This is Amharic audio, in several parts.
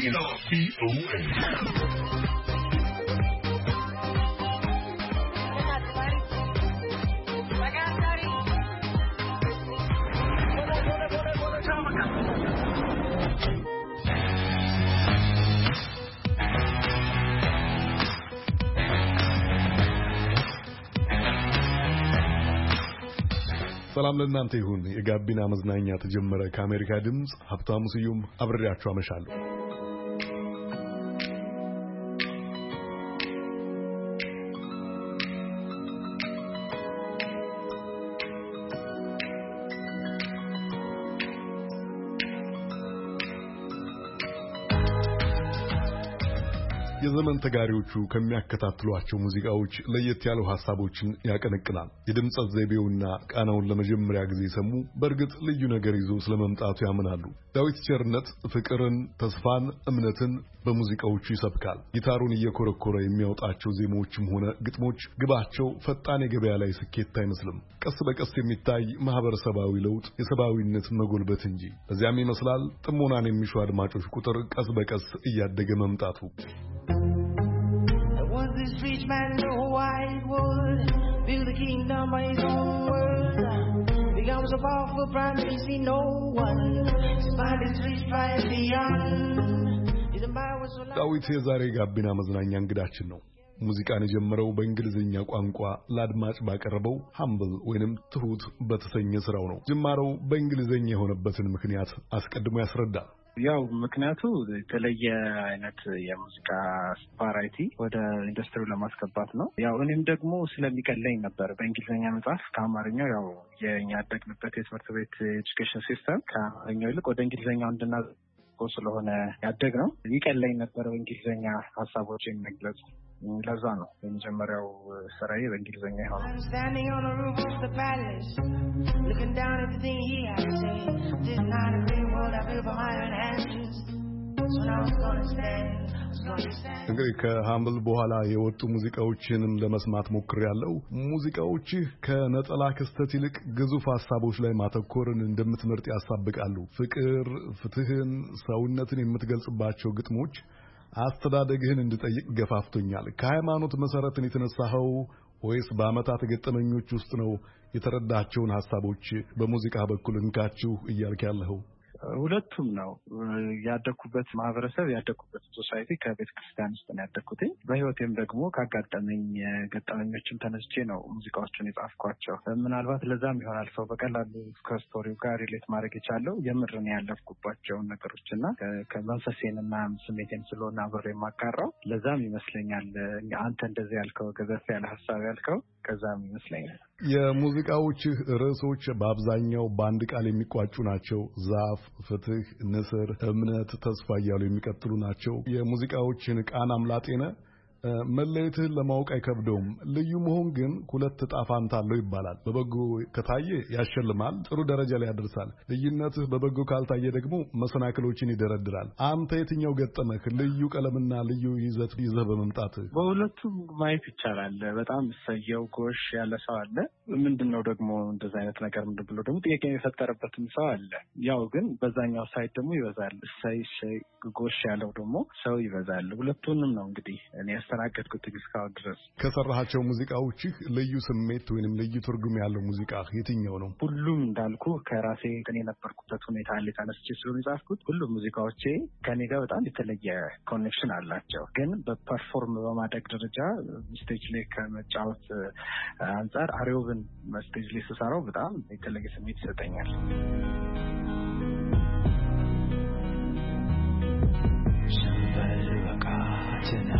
ጋቢና ሰላም ለእናንተ ይሁን። የጋቢና መዝናኛ ተጀመረ። ከአሜሪካ ድምፅ ሀብታሙ ስዩም አብሬያችሁ አመሻለሁ። የዘመን ተጋሪዎቹ ከሚያከታትሏቸው ሙዚቃዎች ለየት ያሉ ሐሳቦችን ያቀነቅናል። የድምጸት ዘይቤውና ቃናውን ለመጀመሪያ ጊዜ የሰሙ በእርግጥ ልዩ ነገር ይዞ ስለመምጣቱ ያምናሉ። ዳዊት ቸርነት ፍቅርን፣ ተስፋን፣ እምነትን በሙዚቃዎቹ ይሰብካል። ጊታሩን እየኮረኮረ የሚያወጣቸው ዜማዎችም ሆነ ግጥሞች ግባቸው ፈጣን የገበያ ላይ ስኬት አይመስልም፣ ቀስ በቀስ የሚታይ ማህበረሰባዊ ለውጥ፣ የሰብአዊነት መጎልበት እንጂ። በዚያም ይመስላል ጥሞናን የሚሹ አድማጮች ቁጥር ቀስ በቀስ እያደገ መምጣቱ። Becomes a powerful prime, see no one. beyond. ዳዊት የዛሬ ጋቢና መዝናኛ እንግዳችን ነው። ሙዚቃን የጀመረው በእንግሊዝኛ ቋንቋ ለአድማጭ ባቀረበው ሃምብል ወይንም ትሁት በተሰኘ ስራው ነው። ጅማረው በእንግሊዝኛ የሆነበትን ምክንያት አስቀድሞ ያስረዳል። ያው ምክንያቱ የተለየ አይነት የሙዚቃ ቫራይቲ ወደ ኢንዱስትሪው ለማስገባት ነው። ያው እኔም ደግሞ ስለሚቀለኝ ነበር በእንግሊዝኛ መጽሐፍ ከአማርኛው ያው የእኛ ያደግንበት የትምህርት ቤት ኤጁኬሽን ሲስተም ከአማርኛው ይልቅ ወደ እንግሊዝኛው እንድና ተጠብቆ ስለሆነ ያደግ ነው ይቀለኝ ነበረ በእንግሊዝኛ ሀሳቦች መግለጽ። ለዛ ነው የመጀመሪያው ስራዬ በእንግሊዝኛ ይሆነ። So now I'm gonna stand እንግዲህ ከሀምብል በኋላ የወጡ ሙዚቃዎችንም ለመስማት ሞክር ያለው ሙዚቃዎችህ ከነጠላ ክስተት ይልቅ ግዙፍ ሀሳቦች ላይ ማተኮርን እንደምትመርጥ ያሳብቃሉ። ፍቅር፣ ፍትህን፣ ሰውነትን የምትገልጽባቸው ግጥሞች አስተዳደግህን እንድጠይቅ ገፋፍቶኛል። ከሃይማኖት መሰረትን የተነሳኸው ወይስ በአመታት ገጠመኞች ውስጥ ነው የተረዳቸውን ሀሳቦች በሙዚቃ በኩል እንካችሁ እያልክ ያለኸው? ሁለቱም ነው ያደግኩበት ማህበረሰብ ያደግኩበት ሶሳይቲ ከቤተ ክርስቲያን ውስጥ ነው ያደግኩትኝ። በህይወቴም ደግሞ ካጋጠመኝ ገጠመኞችም ተነስቼ ነው ሙዚቃዎቹን የጻፍኳቸው። ምናልባት ለዛም ይሆናል ሰው በቀላሉ ከስቶሪው ጋር ሪሌት ማድረግ የቻለው የምርን ያለፍኩባቸውን ነገሮች እና ከመንፈሴንና ስሜቴን ስለሆነ አብሬ የማጋራው ለዛም ይመስለኛል አንተ እንደዚህ ያልከው ገዘፍ ያለ ሀሳብ ያልከው ከዛም ይመስለኛል የሙዚቃዎችህ ርዕሶች በአብዛኛው በአንድ ቃል የሚቋጩ ናቸው። ዛፍ፣ ፍትህ፣ ንስር፣ እምነት፣ ተስፋ እያሉ የሚቀጥሉ ናቸው። የሙዚቃዎችን ቃናም ላጤነ መለየትህን ለማወቅ አይከብደውም። ልዩ መሆን ግን ሁለት ዕጣ ፋንታ አለው ይባላል። በበጎ ከታየ ያሸልማል፣ ጥሩ ደረጃ ላይ ያደርሳል። ልዩነትህ በበጎ ካልታየ ደግሞ መሰናክሎችን ይደረድራል። አንተ የትኛው ገጠመህ? ልዩ ቀለምና ልዩ ይዘት ይዘህ በመምጣት በሁለቱም ማየት ይቻላል። በጣም ሰየው ጎሽ ያለ ሰው አለ። ምንድን ነው ደግሞ እንደዚ አይነት ነገር ምንድን ብሎ ደግሞ ጥያቄ የፈጠረበትም ሰው አለ። ያው ግን በዛኛው ሳይት ደግሞ ይበዛል። እሰይ ጎሽ ያለው ደግሞ ሰው ይበዛል። ሁለቱንም ነው እንግዲህ እኔ ያስተናገድኩትኝ እስካሁን ድረስ። ከሰራሃቸው ሙዚቃዎችህ ልዩ ስሜት ወይንም ልዩ ትርጉም ያለው ሙዚቃ የትኛው ነው? ሁሉም እንዳልኩ ከራሴ እኔ የነበርኩበት ሁኔታ ላይ ተነስቼ ስለሆነ የጻፍኩት ሁሉም ሙዚቃዎቼ ከኔ ጋር በጣም የተለየ ኮኔክሽን አላቸው። ግን በፐርፎርም በማደግ ደረጃ ስቴጅ ላይ ከመጫወት አንጻር አሬውብን ስቴጅ ላይ ስሰራው በጣም የተለየ ስሜት ይሰጠኛል። tonight.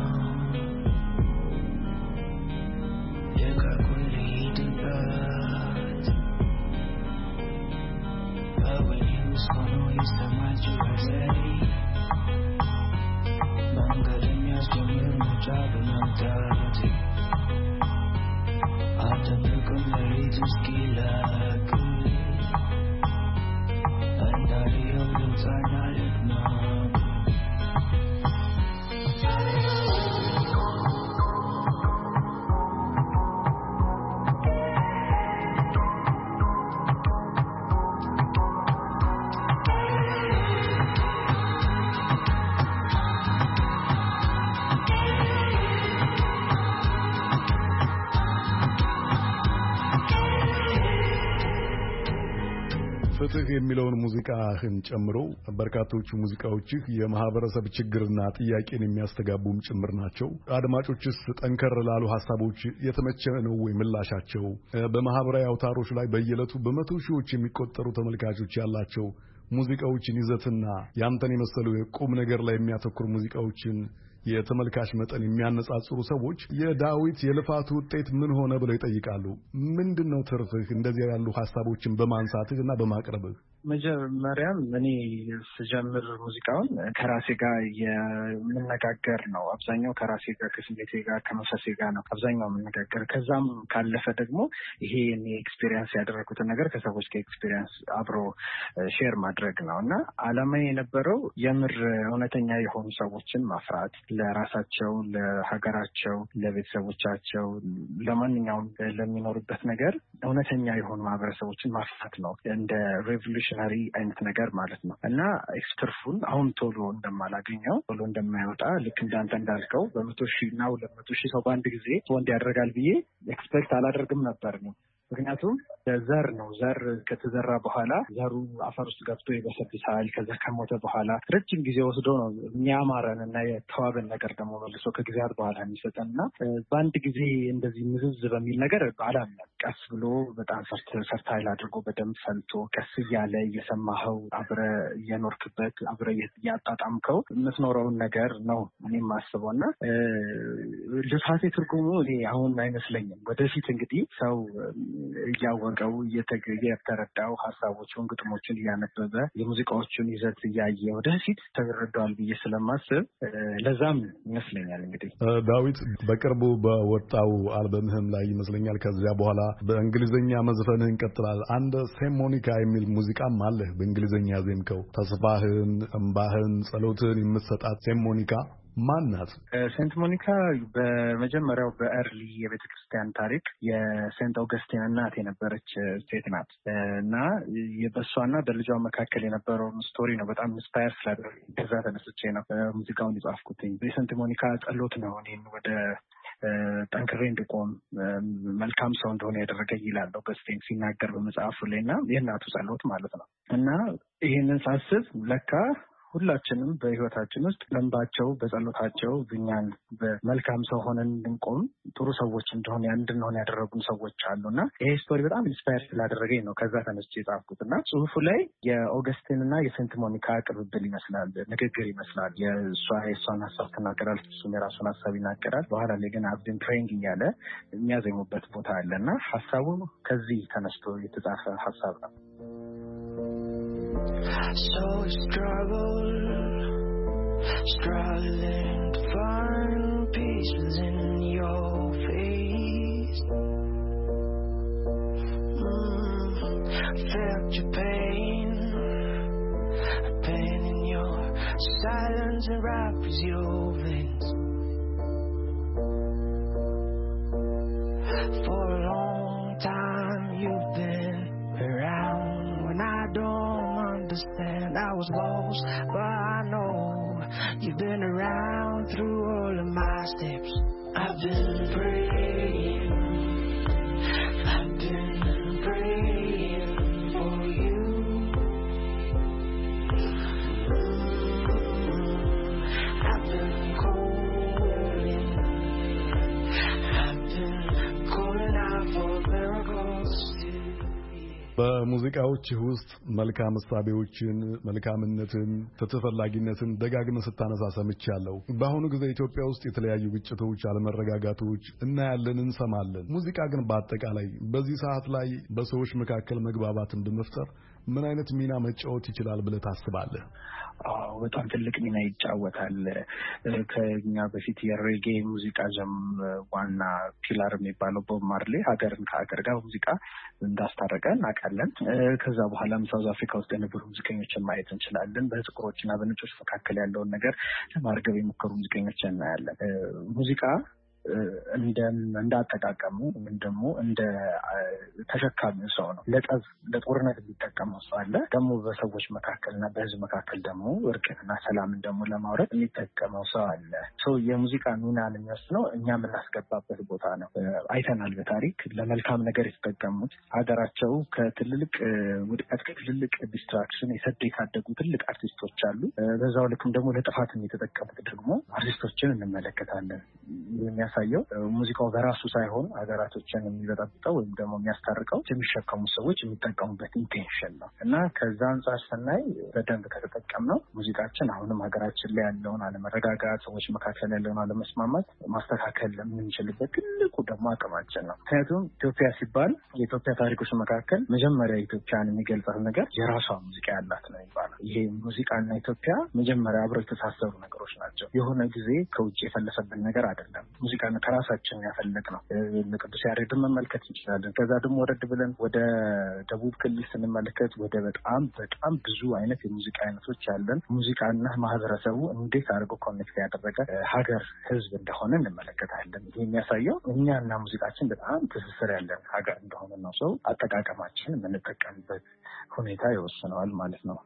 ፍትህ የሚለውን ሙዚቃህን ጨምሮ በርካቶቹ ሙዚቃዎችህ የማህበረሰብ ችግርና ጥያቄን የሚያስተጋቡም ጭምር ናቸው። አድማጮችስ ጠንከር ላሉ ሀሳቦች የተመቸ ነው ወይ ምላሻቸው? በማህበራዊ አውታሮች ላይ በየዕለቱ በመቶ ሺዎች የሚቆጠሩ ተመልካቾች ያላቸው ሙዚቃዎችን ይዘትና ያንተን የመሰሉ የቁም ነገር ላይ የሚያተኩር ሙዚቃዎችን የተመልካች መጠን የሚያነጻጽሩ ሰዎች የዳዊት የልፋቱ ውጤት ምን ሆነ ብለው ይጠይቃሉ። ምንድን ነው ትርፍህ እንደዚያ ያሉ ሀሳቦችን በማንሳትህ እና በማቅረብህ? መጀመሪያም እኔ ስጀምር ሙዚቃውን ከራሴ ጋር የምነጋገር ነው። አብዛኛው ከራሴ ጋር ከስሜቴ ጋር ከመንፈሴ ጋር ነው አብዛኛው የምነጋገር። ከዛም ካለፈ ደግሞ ይሄ እኔ ኤክስፔሪንስ ያደረግኩትን ነገር ከሰዎች ጋር ኤክስፔሪንስ አብሮ ሼር ማድረግ ነው እና አላማ የነበረው የምር እውነተኛ የሆኑ ሰዎችን ማፍራት ለራሳቸው፣ ለሀገራቸው፣ ለቤተሰቦቻቸው፣ ለማንኛውም ለሚኖሩበት ነገር እውነተኛ የሆኑ ማህበረሰቦችን ማፍራት ነው እንደ ሬቮሉሽን ጭራሪ አይነት ነገር ማለት ነው እና ኤክስትርፉን አሁን ቶሎ እንደማላገኘው ቶሎ እንደማይወጣ ልክ እንዳንተ እንዳልከው በመቶ ሺህ እና ሁለት መቶ ሺህ ሰው በአንድ ጊዜ ወንድ ያደርጋል ብዬ ኤክስፔክት አላደርግም ነበር ነው ምክንያቱም ዘር ነው። ዘር ከተዘራ በኋላ ዘሩ አፈር ውስጥ ገብቶ ይበሰብሳል። ከዛ ከሞተ በኋላ ረጅም ጊዜ ወስዶ ነው የሚያማረን እና የተዋበን ነገር ደግሞ መልሶ ከጊዜያት በኋላ የሚሰጠን እና በአንድ ጊዜ እንደዚህ ምዝዝ በሚል ነገር አላምንም። ቀስ ብሎ በጣም ሰርታይል አድርጎ በደንብ ሰልቶ ቀስ እያለ እየሰማኸው አብረ እየኖርክበት አብረ እያጣጣምከው የምትኖረውን ነገር ነው እኔ ማስበው እና ልሳሴ ትርጉሙ እኔ አሁን አይመስለኝም። ወደፊት እንግዲህ ሰው እያወቀው እየተረዳው ሀሳቦቹን፣ ግጥሞችን እያነበበ የሙዚቃዎቹን ይዘት እያየ ወደፊት ተረዳዋል ብዬ ስለማስብ ለዛም ይመስለኛል እንግዲህ ዳዊት በቅርቡ በወጣው አልበምህም ላይ ይመስለኛል ከዚያ በኋላ በእንግሊዝኛ መዝፈንህን ቀጥላል። አንድ ሴሞኒካ የሚል ሙዚቃም አለህ በእንግሊዝኛ ዜምከው ተስፋህን፣ እምባህን፣ ጸሎትህን የምትሰጣት ሴሞኒካ ማን ናት? ሴንት ሞኒካ በመጀመሪያው በእርሊ የቤተ ክርስቲያን ታሪክ የሴንት ኦገስቲን እናት የነበረች ሴት ናት እና በእሷና በልጇ መካከል የነበረውን ስቶሪ ነው በጣም ኢንስፓየር ስላደረገኝ ከዛ ተነስቼ ነው ሙዚቃውን የጻፍኩትኝ። የሴንት ሞኒካ ጸሎት ነው እኔን ወደ ጠንክሬ እንድቆም መልካም ሰው እንደሆነ ያደረገኝ ይላል ኦገስቲን ሲናገር በመጽሐፉ ላይ እና የእናቱ ጸሎት ማለት ነው እና ይህንን ሳስብ ለካ ሁላችንም በህይወታችን ውስጥ ለንባቸው በጸሎታቸው እኛን በመልካም ሰው ሆነን እንድንቆም ጥሩ ሰዎች እንደሆነ እንድንሆን ያደረጉን ሰዎች አሉ እና ይሄ ስቶሪ በጣም ኢንስፓየር ስላደረገኝ ነው ከዛ ተነስቼ የጻፍኩት እና ጽሁፉ ላይ የኦገስቲን እና የሴንት ሞኒካ ቅብብል ይመስላል፣ ንግግር ይመስላል። የእሷ የእሷን ሀሳብ ትናገራል እሱም የራሱን ሀሳብ ይናገራል። በኋላ ላይ ግን አብድን ትሬንግ እያለ የሚያዘኙበት ቦታ አለ እና ሀሳቡ ከዚህ ተነስቶ የተጻፈ ሀሳብ ነው። So I struggle, struggling to find peace within your face. Mm, felt your pain, pain in your silence and wraps your veins. For a long time you've been. understand I was lost, but I know you've been around through all of my steps. I've been praying. በሙዚቃዎች ውስጥ መልካም እሳቤዎችን፣ መልካምነትን፣ ተፈላጊነትን ደጋግመ ስታነሳ ሰምቻለሁ። በአሁኑ ጊዜ ኢትዮጵያ ውስጥ የተለያዩ ግጭቶች፣ አለመረጋጋቶች እናያለን፣ እንሰማለን። ሙዚቃ ግን በአጠቃላይ በዚህ ሰዓት ላይ በሰዎች መካከል መግባባትን በመፍጠር ምን አይነት ሚና መጫወት ይችላል ብለህ ታስባለህ? አዎ በጣም ትልቅ ሚና ይጫወታል። ከኛ በፊት የሬጌ ሙዚቃ ጀም ዋና ፒላር የሚባለው ቦብ ማርሌ ሀገርን ከሀገር ጋር ሙዚቃ እንዳስታረቀ እናውቃለን። ከዛ በኋላም ሳውዝ አፍሪካ ውስጥ የነበሩ ሙዚቀኞችን ማየት እንችላለን። በጥቁሮች እና በነጮች መካከል ያለውን ነገር ለማርገብ የሞከሩ ሙዚቀኞች እናያለን። ሙዚቃ እንዳጠቃቀሙ ወይም ደግሞ እንደ ተሸካሚ ሰው ነው። ለጠብ ለጦርነት የሚጠቀመው ሰው አለ። ደግሞ በሰዎች መካከልና በህዝብ መካከል ደግሞ እርቅንና ሰላምን ደግሞ ለማውረድ የሚጠቀመው ሰው አለ። ሰው የሙዚቃ ሚናን የሚወስነው እኛ የምናስገባበት ቦታ ነው። አይተናል በታሪክ ለመልካም ነገር የተጠቀሙት ሀገራቸው ከትልልቅ ውድቀት ከትልልቅ ዲስትራክሽን የሰደ የታደጉ ትልቅ አርቲስቶች አሉ። በዛው ልክም ደግሞ ለጥፋትም የተጠቀሙት ደግሞ አርቲስቶችን እንመለከታለን። የሚያሳየው ሙዚቃው በራሱ ሳይሆን ሀገራቶችን የሚበጠብጠው ወይም ደግሞ የሚያስታርቀው የሚሸከሙ ሰዎች የሚጠቀሙበት ኢንቴንሽን ነው እና ከዛ አንጻር ስናይ በደንብ ከተጠቀምነው ሙዚቃችን አሁንም ሀገራችን ላይ ያለውን አለመረጋጋት፣ ሰዎች መካከል ያለውን አለመስማማት ማስተካከል የምንችልበት ትልቁ ደግሞ አቅማችን ነው። ምክንያቱም ኢትዮጵያ ሲባል የኢትዮጵያ ታሪኮች መካከል መጀመሪያ ኢትዮጵያን የሚገልጻት ነገር የራሷ ሙዚቃ ያላት ነው ይባላል። ይሄ ሙዚቃና ኢትዮጵያ መጀመሪያ አብረው የተሳሰሩ ነገሮች ናቸው። የሆነ ጊዜ ከውጭ የፈለሰብን ነገር አይደለም። ሙዚቃን ከራሳችን ያፈለግ ነው። ቅዱስ ያሬድን መመልከት እንችላለን። ከዛ ደግሞ ወረድ ብለን ወደ ደቡብ ክልል ስንመለከት ወደ በጣም በጣም ብዙ አይነት የሙዚቃ አይነቶች ያለን ሙዚቃና ማህበረሰቡ እንዴት አድርገው ኮኔክት ያደረገ ሀገር ህዝብ እንደሆነ እንመለከታለን። ይህ የሚያሳየው እኛና ሙዚቃችን በጣም ትስስር ያለን ሀገር እንደሆነ ነው። ሰው አጠቃቀማችን የምንጠቀምበት ሁኔታ ይወስነዋል ማለት ነው።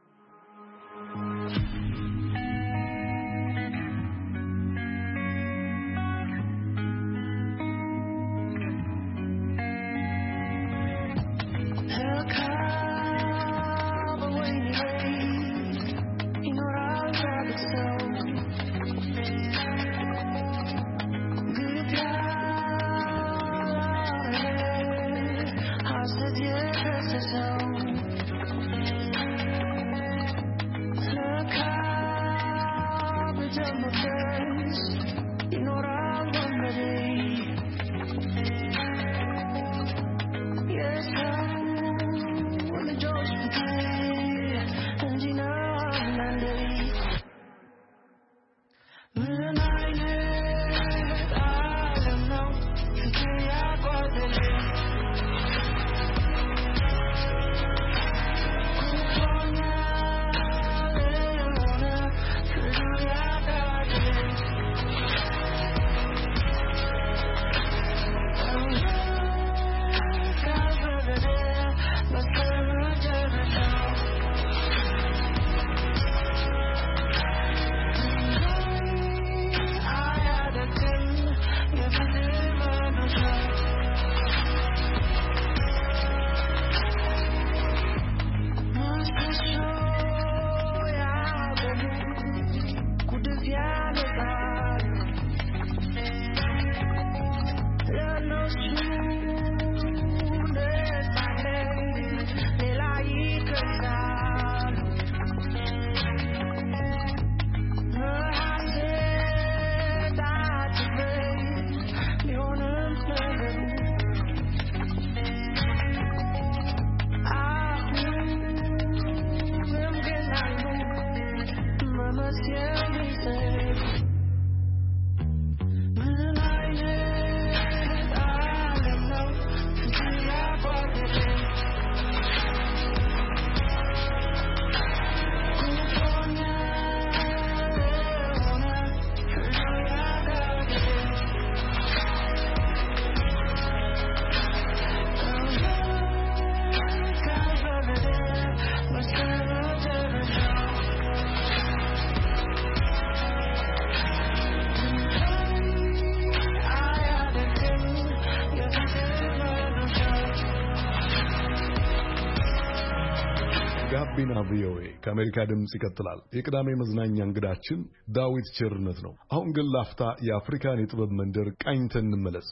ቪኦኤ ከአሜሪካ ድምፅ ይቀጥላል። የቅዳሜ መዝናኛ እንግዳችን ዳዊት ቸርነት ነው። አሁን ግን ላፍታ የአፍሪካን የጥበብ መንደር ቃኝተን እንመለስ።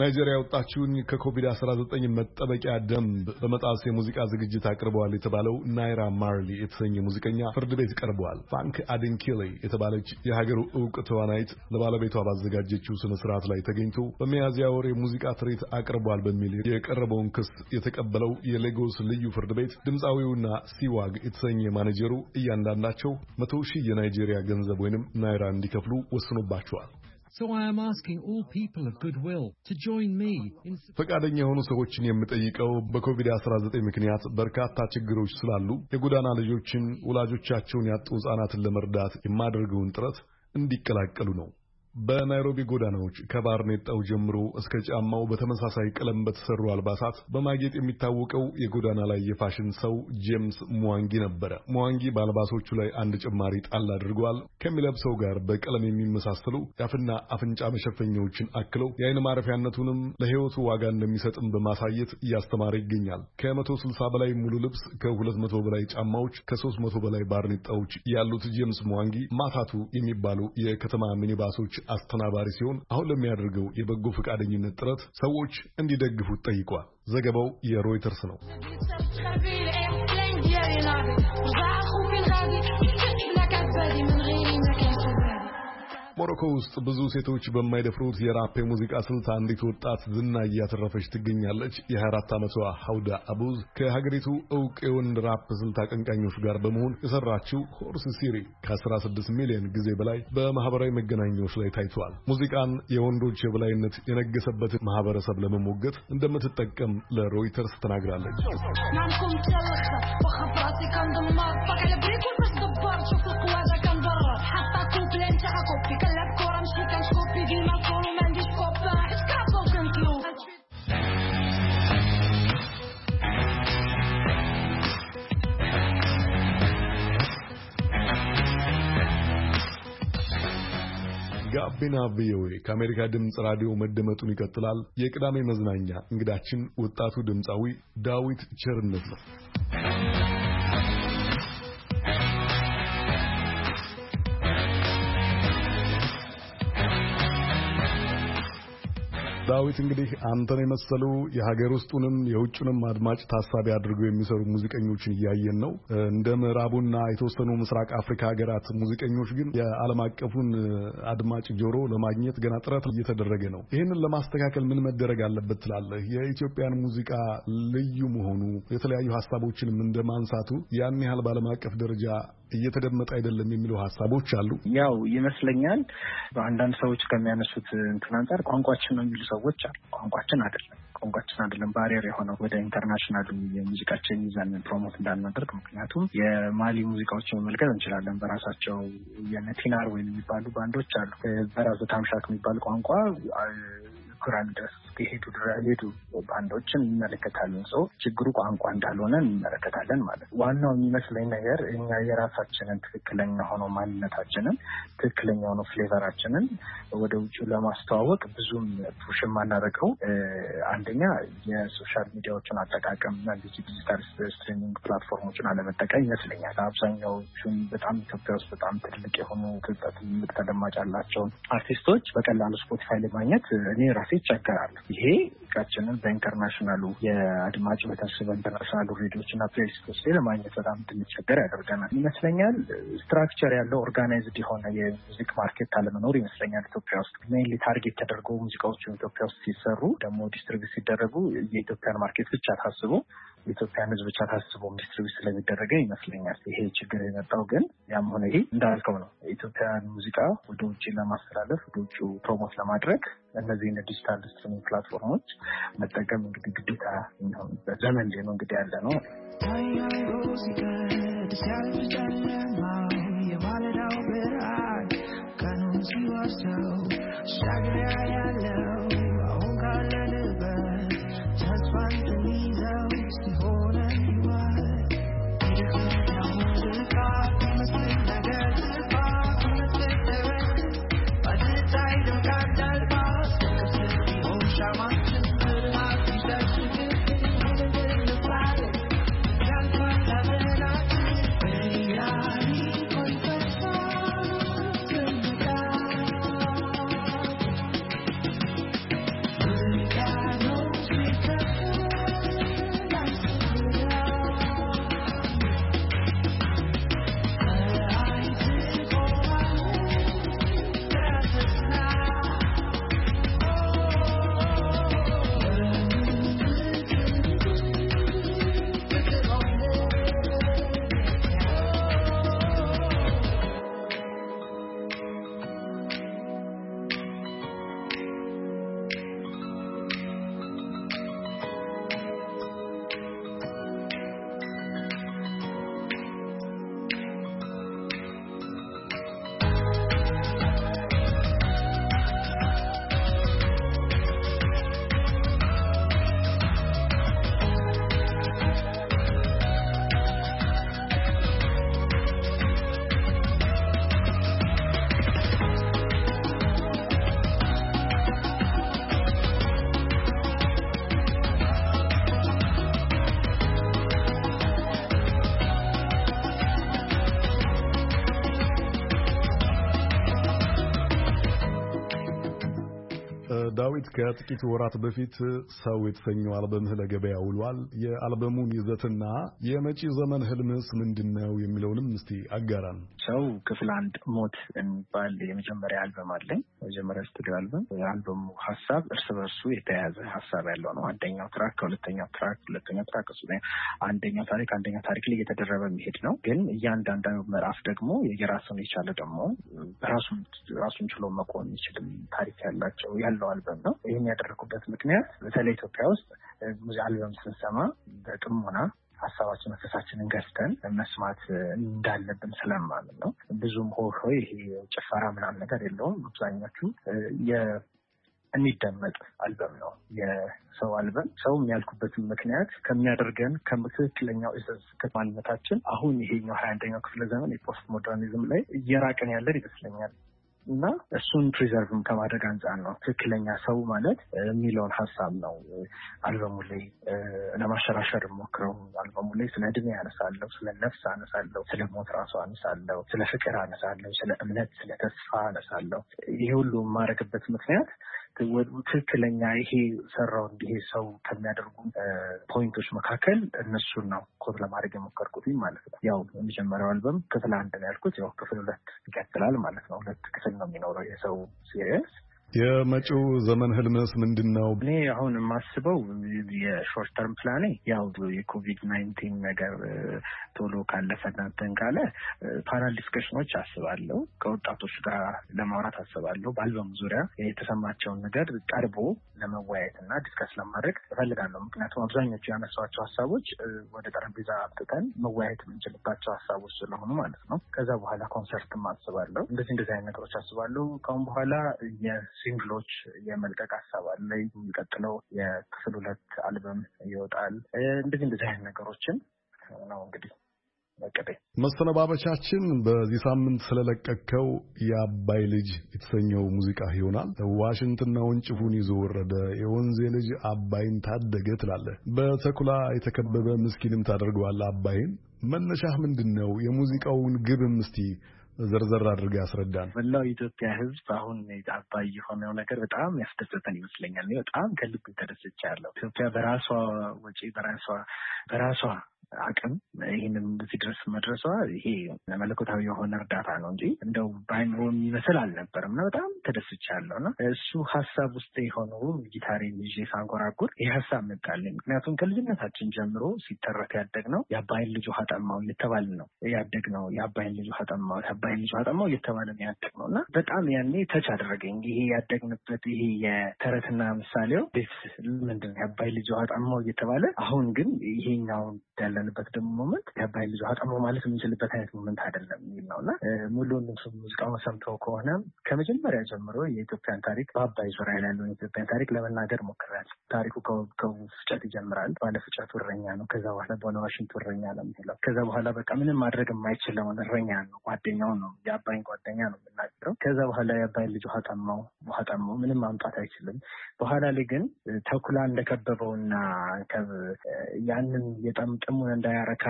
ናይጄሪያ ያወጣችውን ከኮቪድ-19 መጠበቂያ ደንብ በመጣስ የሙዚቃ ዝግጅት አቅርበዋል የተባለው ናይራ ማርሊ የተሰኘ ሙዚቀኛ ፍርድ ቤት ቀርበዋል። ፋንክ አድንኬሌ የተባለች የሀገር እውቅ ተዋናይት ለባለቤቷ ባዘጋጀችው ስነ ስርዓት ላይ ተገኝቶ በሚያዝያ ወር የሙዚቃ ትርኢት አቅርቧል በሚል የቀረበውን ክስ የተቀበለው የሌጎስ ልዩ ፍርድ ቤት ድምፃዊውና ሲዋግ የተሰኘ ማኔጀሩ እያንዳንዳቸው መቶ ሺህ የናይጄሪያ ገንዘብ ወይንም ናይራ እንዲከፍሉ ወስኖባቸዋል። ፈቃደኛ የሆኑ ሰዎችን የምጠይቀው በኮቪድ-19 ምክንያት በርካታ ችግሮች ስላሉ የጎዳና ልጆችን፣ ወላጆቻቸውን ያጡ ሕፃናትን ለመርዳት የማደርገውን ጥረት እንዲቀላቀሉ ነው። በናይሮቢ ጎዳናዎች ከባርኔጣው ጀምሮ እስከ ጫማው በተመሳሳይ ቀለም በተሰሩ አልባሳት በማጌጥ የሚታወቀው የጎዳና ላይ የፋሽን ሰው ጄምስ ሙዋንጊ ነበረ። ሙዋንጊ በአልባሶቹ ላይ አንድ ጭማሪ ጣል አድርጓል። ከሚለብሰው ጋር በቀለም የሚመሳሰሉ የአፍና አፍንጫ መሸፈኛዎችን አክለው የአይን ማረፊያነቱንም ለሕይወቱ ዋጋ እንደሚሰጥም በማሳየት እያስተማረ ይገኛል። ከመቶ ስልሳ በላይ ሙሉ ልብስ፣ ከሁለት መቶ በላይ ጫማዎች፣ ከሦስት መቶ በላይ ባርኔጣዎች ያሉት ጄምስ ሙዋንጊ ማታቱ የሚባሉ የከተማ ሚኒባሶች አስተናባሪ ሲሆን አሁን ለሚያደርገው የበጎ ፈቃደኝነት ጥረት ሰዎች እንዲደግፉት ጠይቋል። ዘገባው የሮይተርስ ነው። ሞሮኮ ውስጥ ብዙ ሴቶች በማይደፍሩት የራፕ የሙዚቃ ስልት አንዲት ወጣት ዝና እያተረፈች ትገኛለች። የ24 ዓመቷ ሀውዳ አቡዝ ከሀገሪቱ እውቅ የወንድ ራፕ ስልት አቀንቃኞች ጋር በመሆን የሰራችው ሆርስ ሲሪ ከ16 ሚሊዮን ጊዜ በላይ በማህበራዊ መገናኛዎች ላይ ታይቷል። ሙዚቃን የወንዶች የበላይነት የነገሰበትን ማህበረሰብ ለመሞገት እንደምትጠቀም ለሮይተርስ ተናግራለች። نعم كنت لخا واخا براسي كندمر حاطة توب لين تاع كوبي كنلعب كورة ماشي كنشكوبي ديما فولو ما عنديش كوبا حيت كابو كنطلب ጋቢና ቪኦኤ ከአሜሪካ ድምፅ ራዲዮ መደመጡን ይቀጥላል። የቅዳሜ መዝናኛ እንግዳችን ወጣቱ ድምፃዊ ዳዊት ቸርነት ነው። ዳዊት እንግዲህ አንተን የመሰሉ የሀገር ውስጡንም የውጭንም አድማጭ ታሳቢ አድርገው የሚሰሩ ሙዚቀኞችን እያየን ነው። እንደ ምዕራቡና የተወሰኑ ምስራቅ አፍሪካ ሀገራት ሙዚቀኞች ግን የዓለም አቀፉን አድማጭ ጆሮ ለማግኘት ገና ጥረት እየተደረገ ነው። ይህንን ለማስተካከል ምን መደረግ አለበት ትላለህ? የኢትዮጵያን ሙዚቃ ልዩ መሆኑ የተለያዩ ሀሳቦችንም እንደ ማንሳቱ ያን ያህል በዓለም አቀፍ ደረጃ እየተደመጠ አይደለም የሚለው ሀሳቦች አሉ። ያው ይመስለኛል በአንዳንድ ሰዎች ከሚያነሱት እንትን አንጻር ቋንቋችን ነው የሚሉ ሰዎች አሉ። ቋንቋችን አይደለም ቋንቋችን አይደለም ባሪየር የሆነው ወደ ኢንተርናሽናል የሙዚቃችን ይዘን ፕሮሞት እንዳናደርግ። ምክንያቱም የማሊ ሙዚቃዎችን መመልከት እንችላለን። በራሳቸው የነቲናር ወይም የሚባሉ ባንዶች አሉ። በራሱ ታምሻክ የሚባል ቋንቋ ጉራሚደስ የሄዱ የሄዱ ባንዶችን እንመለከታለን። ሰው ችግሩ ቋንቋ እንዳልሆነ እንመለከታለን ማለት ነው። ዋናው የሚመስለኝ ነገር እኛ የራሳችንን ትክክለኛ ሆኖ ማንነታችንን ትክክለኛ ሆኖ ፍሌቨራችንን ወደ ውጭ ለማስተዋወቅ ብዙም ፑሽ የማናደርገው አንደኛ የሶሻል ሚዲያዎችን አጠቃቀም እና ዲጂታል ስትሪሚንግ ፕላትፎርሞችን አለመጠቀም ይመስለኛል። አብዛኛዎቹም በጣም ኢትዮጵያ ውስጥ በጣም ትልቅ የሆኑ ትልቅ ተደማጭ ያላቸውን አርቲስቶች በቀላሉ ስፖቲፋይ ለማግኘት እኔ ራሴ ይቸገራለሁ። ये ድምጻችንን በኢንተርናሽናሉ የአድማጭ በተስበ ኢንተርናሽናሉ ሬዲዮች እና ፕሬስ ላይ ለማግኘት በጣም እንድንቸገር ያደርገናል ይመስለኛል። ስትራክቸር ያለው ኦርጋናይዝድ የሆነ የሙዚክ ማርኬት አለመኖር ይመስለኛል ኢትዮጵያ ውስጥ ሜይንሊ ታርጌት ተደርጎ ሙዚቃዎቹ ኢትዮጵያ ውስጥ ሲሰሩ ደግሞ ዲስትሪቢዩት ሲደረጉ የኢትዮጵያን ማርኬት ብቻ ታስቡ የኢትዮጵያን ሕዝብ ብቻ ታስቦ ዲስትሪቢዩት ስለሚደረገ ይመስለኛል ይሄ ችግር የመጣው። ግን ያም ሆነ ይሄ እንዳልከው ነው የኢትዮጵያን ሙዚቃ ወደ ውጭ ለማስተላለፍ ወደ ውጭ ፕሮሞት ለማድረግ እነዚህን ዲጂታል ስትሪሚንግ ፕላትፎርሞች መጠቀም እንግዲህ ግዴታ የሚሆንበት ዘመን ነው እንግዲህ ያለ ነው። የማለዳው ብርሃን ቀኑን ሲወርሰው ሻግሪያ ያለው ከጥቂት ወራት በፊት ሰው የተሰኘው አልበምህ ለገበያ ውሏል። የአልበሙን ይዘትና የመጪ ዘመን ህልምስ ምንድን ነው የሚለውንም እስቲ አጋራን። ሰው ክፍል አንድ ሞት የሚባል የመጀመሪያ አልበም አለኝ። መጀመሪያ ስቱዲዮ አልበም። የአልበሙ ሀሳብ እርስ በርሱ የተያያዘ ሀሳብ ያለው ነው። አንደኛው ትራክ ከሁለተኛው ትራክ፣ ሁለተኛው ትራክ እሱ አንደኛው ታሪክ አንደኛው ታሪክ ላይ እየተደረበ መሄድ ነው። ግን እያንዳንዳ ምዕራፍ ደግሞ የራሱን የቻለ ደግሞ ራሱን ችሎ መቆም የሚችልም ታሪክ ያላቸው ያለው አልበም ነው። ይህን ያደረኩበት ምክንያት በተለይ ኢትዮጵያ ውስጥ አልበም ስንሰማ በጥሞና ሀሳባችን መንፈሳችንን ገዝተን መስማት እንዳለብን ስለማምን ነው። ብዙም ሆይ ይሄ ጭፈራ ምናምን ነገር የለውም። አብዛኞቹ የሚደመጥ አልበም ነው የሰው አልበም። ሰው የሚያልኩበትን ምክንያት ከሚያደርገን ከትክክለኛው ኢሰንስ ማንነታችን አሁን ይሄኛው ሀያ አንደኛው ክፍለ ዘመን የፖስት ሞደርኒዝም ላይ እየራቀን ያለን ይመስለኛል። እና እሱን ፕሪዘርቭም ከማድረግ አንጻር ነው ትክክለኛ ሰው ማለት የሚለውን ሀሳብ ነው አልበሙ ላይ ለማሸራሸር ሞክረው። አልበሙ ላይ ስለ እድሜ አነሳለሁ፣ ስለ ነፍስ አነሳለሁ፣ ስለ ሞት ራሱ አነሳለሁ፣ ስለ ፍቅር አነሳለሁ፣ ስለ እምነት፣ ስለ ተስፋ አነሳለሁ። ይህ ሁሉ የማደርግበት ምክንያት ትክክለኛ ይሄ ሰራው እንዲሄ ሰው ከሚያደርጉ ፖይንቶች መካከል እነሱን ነው ኮት ለማድረግ የሞከርኩት ማለት ነው። ያው የመጀመሪያው አልበም ክፍል አንድ ነው ያልኩት፣ ያው ክፍል ሁለት ይቀጥላል ማለት ነው። ሁለት ክፍል ነው የሚኖረው የሰው ሲሪየስ የመጪው ዘመን ህልምስ ምንድን ነው? እኔ አሁን የማስበው የሾርት ተርም ፕላኔ ያው የኮቪድ ናይንቲን ነገር ቶሎ ካለፈና እንትን ካለ ፓናል ዲስከሽኖች አስባለሁ። ከወጣቶች ጋር ለማውራት አስባለሁ። በአልበም ዙሪያ የተሰማቸውን ነገር ቀርቦ ለመወያየት እና ዲስከስ ለማድረግ እፈልጋለሁ። ምክንያቱም አብዛኞቹ ያነሷቸው ሀሳቦች ወደ ጠረጴዛ አብትተን መወያየት የምንችልባቸው ሀሳቦች ስለሆኑ ማለት ነው። ከዛ በኋላ ኮንሰርትም አስባለሁ። እንደዚህ እንደዚህ አይነት ነገሮች አስባለሁ። ከሁን በኋላ የሲንግሎች የመልቀቅ ሀሳብ አለ። የሚቀጥለው የክፍል ሁለት አልበም ይወጣል። እንደዚህ እንደዚህ አይነት ነገሮችን ነው እንግዲህ መቀጠኝ መሰነባበቻችን በዚህ ሳምንት ስለለቀቅከው የአባይ ልጅ የተሰኘው ሙዚቃ ይሆናል። ዋሽንትና ወንጭፉን ይዞ ወረደ፣ የወንዜ ልጅ አባይን ታደገ ትላለህ። በተኩላ የተከበበ ምስኪንም ታደርገዋለህ አባይን። መነሻህ ምንድን ነው? የሙዚቃውን ግብም እስቲ ዘርዘር አድርገህ ያስረዳል። መላው የኢትዮጵያ ሕዝብ አሁን አባይ የሆነው ነገር በጣም ያስደሰተን ይመስለኛል። በጣም ከልብ ተደስቻለሁ። ኢትዮጵያ በራሷ ወጪ በራሷ በራሷ አቅም ይህንም እዚህ ድረስ መድረሷ ይሄ ለመለኮታዊ የሆነ እርዳታ ነው እንጂ እንደው በአይምሮ የሚመስል አልነበርም። ና በጣም ተደስቻለሁ። ና እሱ ሀሳብ ውስጥ የሆነው ጊታሬን ይዤ ሳንጎራጉር ይህ ሀሳብ መጣልኝ። ምክንያቱም ከልጅነታችን ጀምሮ ሲተረት ነው የአባይን ልጅ ውሃ ጠማው እየተባለ ነው ያደግነው። የአባይን ልጅ ውሃ ጠማው፣ የአባይን ልጅ ውሃ ጠማው እየተባለ ነው ያደግነው እና በጣም ያኔ ተች አደረገኝ። ይሄ ያደግንበት ይሄ የተረትና ምሳሌው ቤት ምንድን ነው የአባይን ልጅ ውሃ ጠማው እየተባለ አሁን ግን ይሄኛውን ያለ በምንልበት ደግሞ ሞመንት ገባኝ ልጁ አቅሞ ማለት የምንችልበት አይነት ሞመንት አይደለም የሚል ነው እና ሙሉን ሙዚቃውን ሰምቶ ከሆነ ከመጀመሪያ ጀምሮ የኢትዮጵያን ታሪክ በአባይ ዙሪያ ያለውን የኢትዮጵያን ታሪክ ለመናገር ሞክራል። ታሪኩ ከውብ ፍጨት ይጀምራል። ባለ ፍጨቱ እረኛ ነው። ከዛ በኋላ በሆነ ዋሽንቱ እረኛ ነው የሚለው። ከዛ በኋላ በቃ ምንም ማድረግ የማይችለውን እረኛ ነው። ጓደኛው ነው፣ የአባይን ጓደኛ ነው የምናገረው። ከዛ በኋላ የአባይ ልጅ ውሃ ጠማው፣ ውሃ ጠማው፣ ምንም ማምጣት አይችልም። በኋላ ላይ ግን ተኩላ እንደከበበውና ያንን የጠምጥሙ አቅሙን እንዳያረካ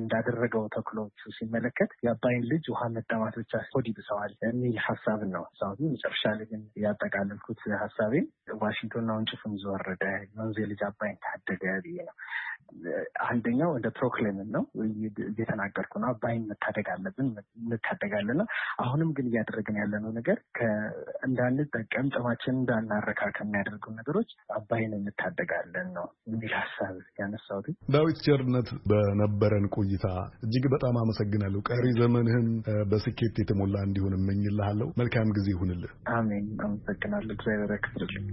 እንዳደረገው ተክሎቹ ሲመለከት የአባይን ልጅ ውሃ መዳማት ብቻ ሆድ ይብሰዋል የሚል ሀሳብን ነው ሳቢ መጨረሻ ላይ ግን ያጠቃለልኩት ሀሳቤ ዋሽንግተን አሁን ጭፍን ዘወረደ ወንዝ ልጅ አባይን ታደገ ብዬ ነው። አንደኛው እንደ ፕሮክሌምን ነው እየተናገርኩ ነው። አባይን መታደግ አለብን እንታደጋለን። አሁንም ግን እያደረግን ያለነው ነገር እንዳንጠቀም ጥማችን እንዳናረካ ከሚያደርጉ ነገሮች አባይን እንታደጋለን ነው የሚል ሀሳብ ያነሳሁት። ዳዊት ቸርነት በነበረን ቆይታ እጅግ በጣም አመሰግናለሁ። ቀሪ ዘመንህን በስኬት የተሞላ እንዲሆን እመኝልሃለሁ። መልካም ጊዜ ይሁንልህ። አሜን። አመሰግናለሁ። እግዚአብሔር ያክብርልኝ።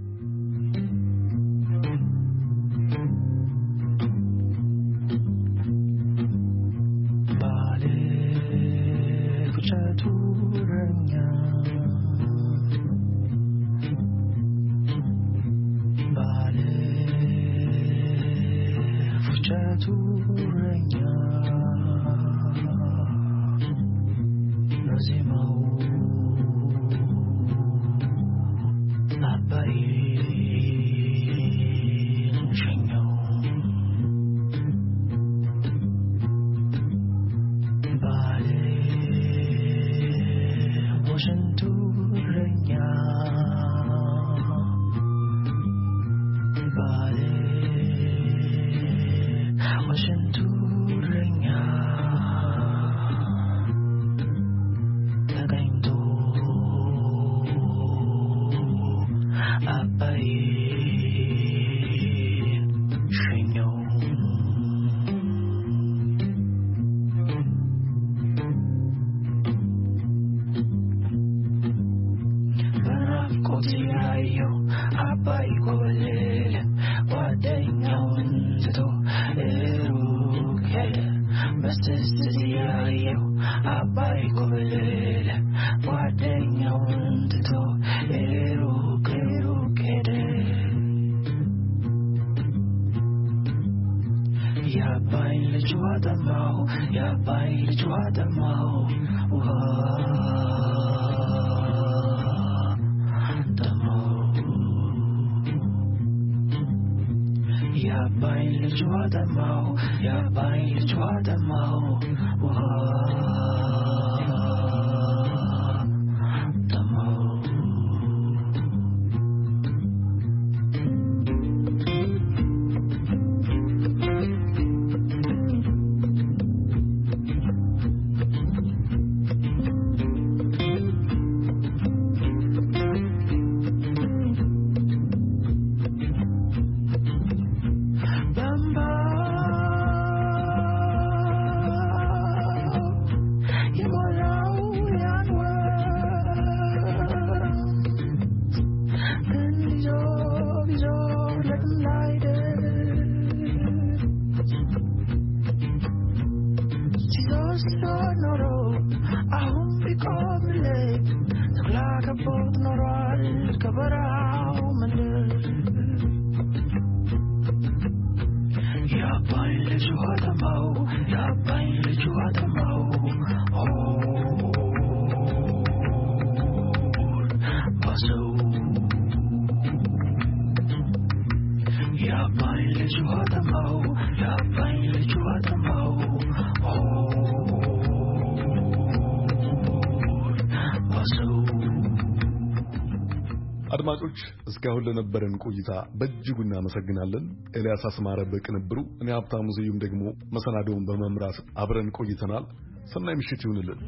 አድማጮች እስካሁን ለነበረን ቆይታ በእጅጉ እናመሰግናለን። ኤልያስ አስማረ በቅንብሩ፣ እኔ ሀብታሙ ስዩም ደግሞ መሰናዶውን በመምራት አብረን ቆይተናል። ሰናይ ምሽት ይሁንልን።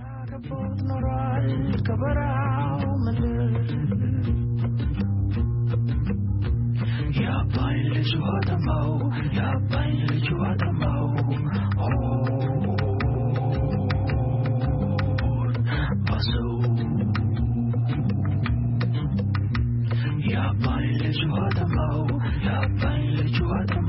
ላባን ልጅ አጠፋው ላባን ልጅ አጠፋው